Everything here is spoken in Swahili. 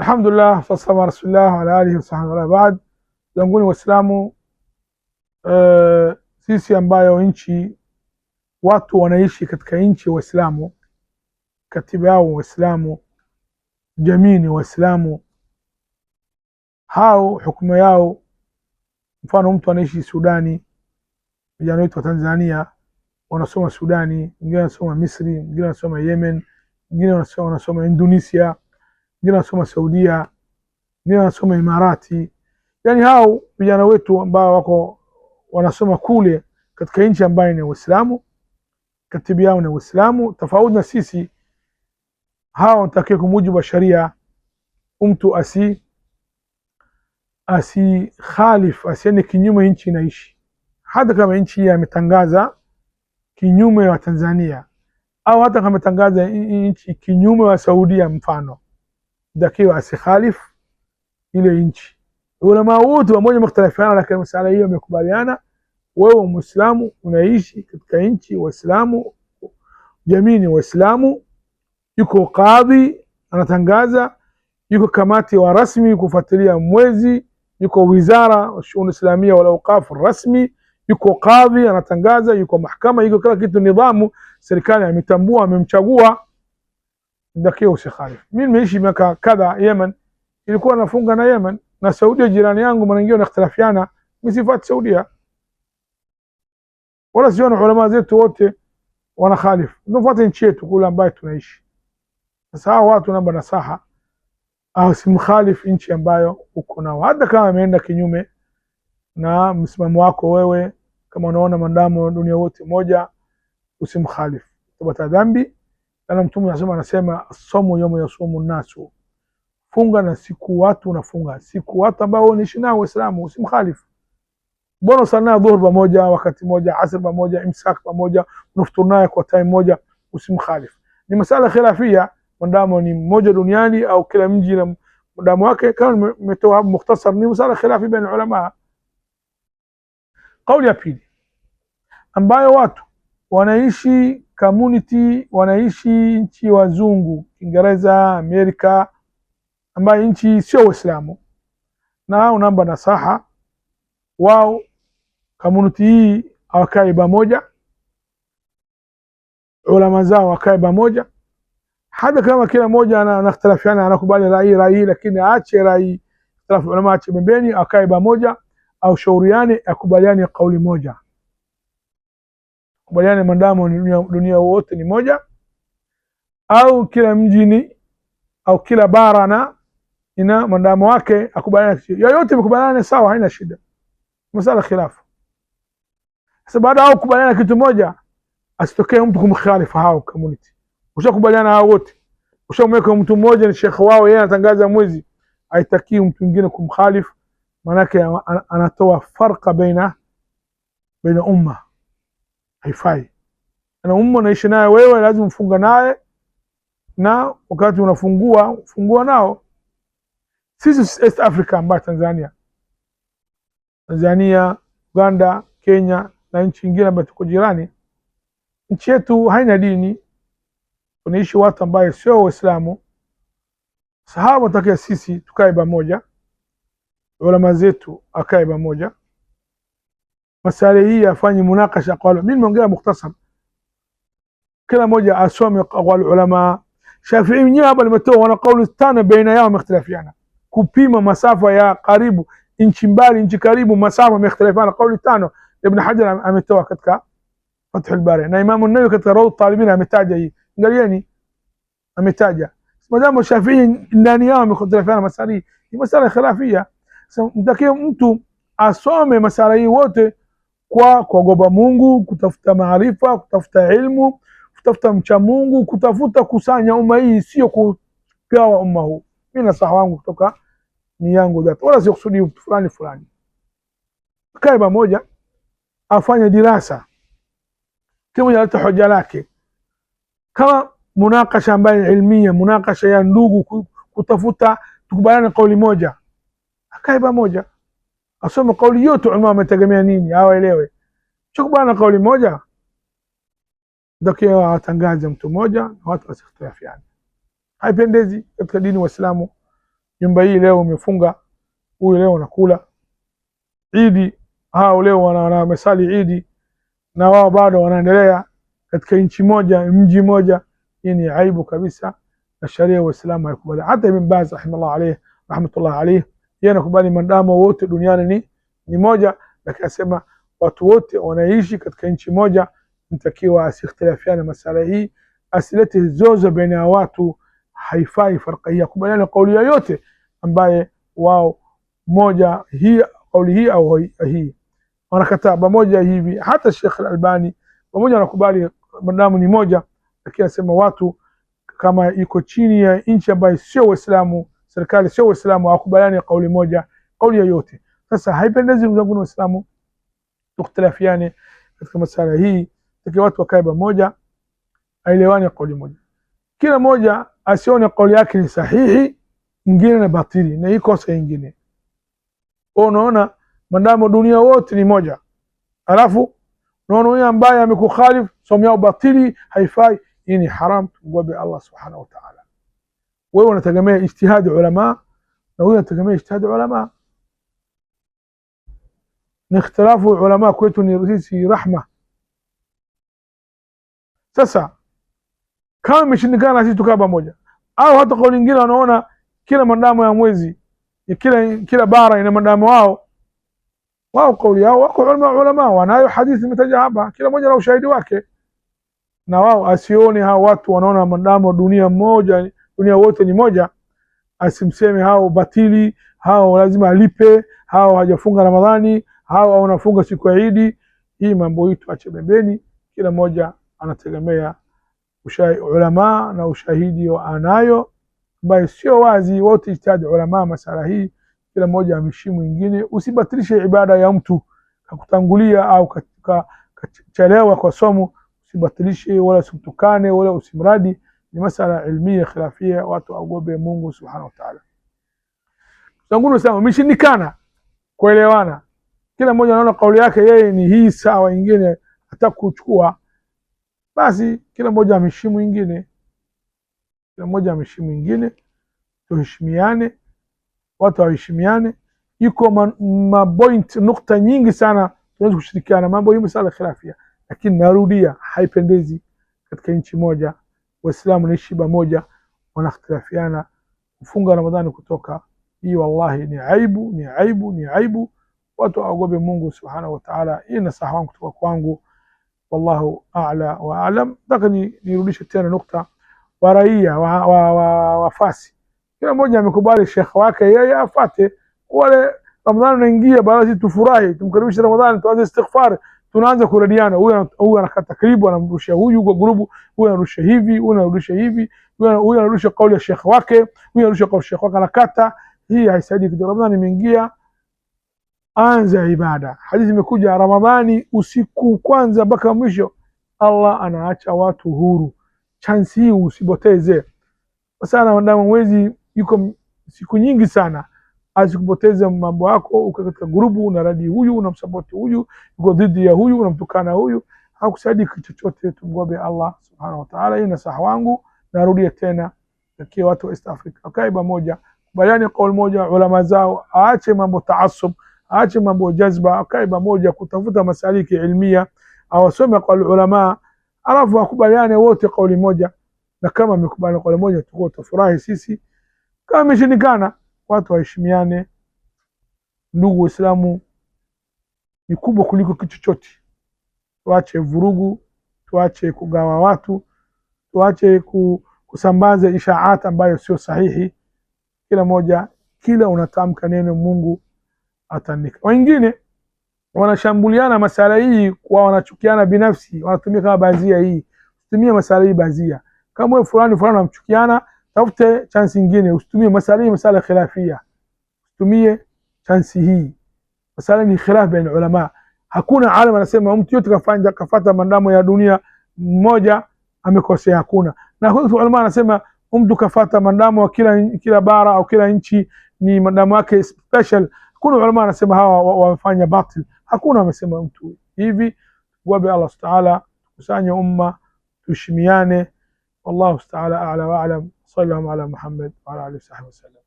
Alhamdulillah, wasalama rasulillah wa alihi wa sahbihi wa baad. Zanguni Waislamu, e, sisi ambayo nchi watu wanaishi katika nchi Waislamu, katiba yao Waislamu, jamii ni Waislamu, hao hukumu yao. Mfano, mtu anaishi Sudani, vijana wetu wa Tanzania wanasoma Sudani, wengine wanasoma Misri, wengine wanasoma Yemen, wengine wanasoma Indonesia wengine wanasoma Saudia, wengine wanasoma Imarati. Yani hao vijana wetu ambao wako wanasoma kule katika nchi ambayo ni Uislamu, katibu yao ni Uislamu, tofauti na sisi. Hao wanatakiwa kwa mujibu wa sharia, mtu asi asi asihalifu, asiende yaani kinyume nchi inaishi, hata kama nchi hiyo ametangaza kinyume wa Tanzania au hata kama ametangaza nchi kinyume wa Saudia mfano kitakiwa asikhalifu ile nchi. Ulama wote pamoja wamekhtalifiana, lakini masala hiyo wamekubaliana. Wewe Muislamu unaishi katika nchi Waislamu, jamii ni Waislamu, yuko kadhi anatangaza, yuko kamati wa rasmi kufuatilia mwezi, yuko wizara wa shughuli islamia wala ukafu rasmi, yuko kadhi anatangaza, yuko mahakama, yuko kila kitu, nidhamu. Serikali ametambua, amemchagua nitakiwa usikhalifu. Mimi nimeishi miaka kadha Yemen, ilikuwa nafunga na Yemen na Saudi, jirani yangu, mara nyingine naختلafiana misifati Saudi, wala sio na ulama zetu wote wana khalifu, tunafuata nchi yetu kule ambayo tunaishi. Sasa hao watu namba nasaha, usimkhalifu ah, nchi ambayo uko nao, hata kama ameenda kinyume na msimamo wako wewe. Kama unaona mandamo dunia wote moja, usimkhalifu, tabata dhambi maana Mtume anasema anasema somo yomo ya somo nasu, funga na siku watu unafunga siku watu ambao unaishi nao Waislamu, usimkhalifu. Mbona sana dhuhur pamoja wakati moja, asr pamoja, imsak pamoja, unafutur naye kwa time moja, usimkhalifu. Ni masala khilafia, mndamo ni mmoja duniani au kila mji na mndamo wake. Kama nimetoa mukhtasar, ni masala khilafi baina ulama. Kauli ya pili ambayo watu wanaishi community wanaishi nchi wazungu Kiingereza, Amerika, ambayo nchi sio Waislamu, na unaomba nasaha wao, community hii awakae pamoja, ulama zao wakae pamoja, hata kama kila mmoja anakhtalafiana, anakubali rai rai, lakini aache rai, ulama aache pembeni, akae pamoja, au shauriane, akubaliane kauli moja kubaliana mandamo dunia, dunia wote ni moja, au kila mjini au kila bara na ina mandamo wake akubaliana yoyote, mkubaliane sawa, haina shida, masala khilafu. Sasa baada au kubaliana kitu moja, asitokee mtu kumkhalifu hao community. Ushakubaliana hao wote, ushamweka mtu mmoja ni shekhe wao, yeye anatangaza mwezi, haitaki mtu mwingine kumkhalifu, maanake anatoa farqa baina baina umma haifai. Na umma unaishi naye wewe, lazima ufunga naye, na wakati unafungua fungua nao. Sisi East Africa ambayo Tanzania, Tanzania, Uganda, Kenya na nchi nyingine ambayo tuko jirani, nchi yetu haina dini, unaishi watu ambayo sio Waislamu. Sahaba watakia sisi tukae pamoja, ulama zetu akae pamoja masale hii afanye munakasha kwa mimi nimeongea mukhtasar, kila mmoja asome kwa ulama. Shafi'i mwenyewe hapa limetoa wana kauli tano baina yao wamehtilafiana, kupima masafa ya karibu, nchi mbali, nchi karibu, masafa wamehtilafiana, kauli tano Ibn Hajar ametoa katika Fathul Bari na Imam nawawi katika Rawd Talibin ametaja hii. Angalieni, ametaja madamu Shafi'i ndani yao wamehtilafiana masali, ni masala khilafia. Sasa mtu asome masala hii wote kwa kuogopa Mungu, kutafuta maarifa, kutafuta ilmu, kutafuta mcha Mungu, kutafuta kusanya umma hii, sio kugawa umma huu. Mimi nasaha wangu kutoka ni yangu dhati, wala sio kusudi fulani fulani. Kae pamoja, afanye dirasa, kila mmoja alete hoja lake, kama munakasha ambayo ilmia, munakasha ya ndugu, kutafuta tukubaliane kauli moja, akae pamoja asome kauli yote, ulama wametegemea nini awaelewe. Chokubana kauli moja ndio awatangaze mtu mmoja na watu wasihtilafiane. Haipendezi katika dini Waislamu. Nyumba hii leo umefunga, huyu leo unakula Idi, hao leo wamesali Idi na wao bado wanaendelea katika nchi moja, mji moja. Hii ni aibu kabisa, na sharia ya Uislamu haikubali. Hata Ibn Baz rahimahullah alayhi rahmatullah alayhi yeye anakubali mwanadamu wote duniani ni, ni moja, lakini asema watu wote wanaishi katika nchi moja, nitakiwa asikhtilafiane masala hii, asilete zozo baina ya watu, haifai farqa hii, akubaliana kauli yoyote ambaye wao moja hii kauli hii au hii wanakataa pamoja hivi. Hata Sheikh Al-Albani pamoja anakubali mwanadamu ni moja, lakini asema watu kama iko chini ya nchi ambayo sio Waislamu serikali sio Waislamu hawakubaliani kauli moja, kauli yoyote. Sasa haipendezi mzangu zangu Waislamu tukhtilafiane katika masala hii, tukiwa watu wakae pamoja, aelewane kauli moja, kila moja asione kauli yake ni sahihi ingine na batili na iko sahihi ingine. Unaona, mandamo dunia wote ni moja, alafu unaona huyo ambaye amekukhalifu somo yao batili haifai. Hii ni haram, tuogope Allah subhanahu wa ta'ala. ويونا تقمي اجتهاد علماء ويونا تقمي اجتهاد علماء نختلاف علماء كويتوني في رحمة تسع كان مش نقال عزيز تكابا موجا أو حتى قول إنجيل أنا كلا من دامو يموزي كلا كلا بارا إن من دامو أو واو قولي أو أقول علماء علماء وأنا أي حديث متجابة كلا موجا لو شايد واكي نواو أسيوني ها واتو أنا من دامو دنيا موجة يعني dunia wote ni moja, asimseme hao batili, hao lazima alipe, hao hajafunga Ramadhani, hao wanafunga siku ya Idi. Hii mambo hii tuache pembeni, kila mmoja anategemea ulamaa na ushahidi wa anayo, ambaye sio wazi wote ijtihadi ulamaa masala hii, kila mmoja ameshimu mwingine. Usibatilishe ibada ya mtu kakutangulia au kachelewa kwa somo, usibatilishe wala usimtukane wala usimradi ni masala ilmia khilafia, watu waogope Mungu subhanahu wa ta'ala. Zanguni sema mishindikana kuelewana, kila mmoja anaona kauli yake yeye ni hii sawa, ingine hata kuchukua, basi kila mmoja ameheshimu mwingine, kila mmoja ameheshimu mwingine, tuheshimiane, watu waheshimiane. Iko mapoint ma nukta nyingi sana tunaweza kushirikiana mambo hii, masala khilafia, lakini narudia, haipendezi katika nchi moja Waislamu naishi pamoja, wanahtilafiana. Kufunga Ramadhani kutoka hii, wallahi ni aibu, ni aibu, ni aibu. Watu waogope Mungu subhanahu wa ta'ala. Hii nasaha wangu kutoka kwangu, wallahu a'la wa a'lam. Nataka nirudishe tena nukta wa raia wa, wa, wa, wafasi, kila mmoja amekubali shekhe wake yeye afate wale Ramadhani unaingia, basi tufurahi, tumkaribishe Ramadhani, tuanze istighfar tunaanza kuradiana, huyu anakata klibu anamrusha huyu kwa grupu, huyu anarusha hivi, huyu anarusha hivi, huyu anarusha kauli ya shekhe wake, huyu anarusha kauli ya shekhe wake, anakata hii. Haisaidii kitu. Ramadhani imeingia, anza ibada. Hadithi imekuja Ramadhani usiku kwanza mpaka mwisho, Allah anaacha watu huru. Chansi hii usipoteze. Sana wandama, mwezi yuko siku nyingi sana asikupoteze mambo yako, uko katika grupu unaradi huyu, unamsapoti huyu, uko dhidi ya huyu, unamtukana huyu, hakusaidi kitu chochote. Tumgobe Allah subhanahu wa ta'ala. Hii nasaha wangu, narudia tena, kwa watu wa East Africa wakae pamoja, kubaliane kauli moja, ulama zao, aache mambo taasub, aache mambo jazba, wakae pamoja kutafuta masaliki ilmia, awasome kwa ulama, alafu wakubaliane wote kauli moja, na kama mmekubaliana kauli moja, tukao tufurahi sisi, kama mmeshindikana watu waheshimiane. Ndugu Waislamu, ni kubwa kuliko kitu chochote. Tuache vurugu, tuache kugawa watu, tuache kusambaza ishaata ambayo sio sahihi. Kila moja, kila unatamka neno Mungu atanika. Wengine wanashambuliana masala hii kwa wanachukiana binafsi, wanatumia kama bazia hii. Tumia masala hii bazia, kama wewe fulani fulani unamchukiana tafute chansi nyingine, usitumie masala hii, masala khilafia, usitumie chansi hii. Masala ni khilaf baina ulama. Hakuna alim anasema mtu yote kafanya kafata mandamo ya dunia mmoja amekosea, hakuna. Na ulama anasema mtu kafata mandamo kila kila bara au kila nchi ni mandamo yake special. Kuna ulama anasema hawa wamefanya batil, hakuna amesema mtu hivi. Wabe Allah subhanahu wa ta'ala, kusanya umma, tushimiane. Wallahu ta'ala a'la wa a'lam. Sallallahu ala aleyhi ve sellem.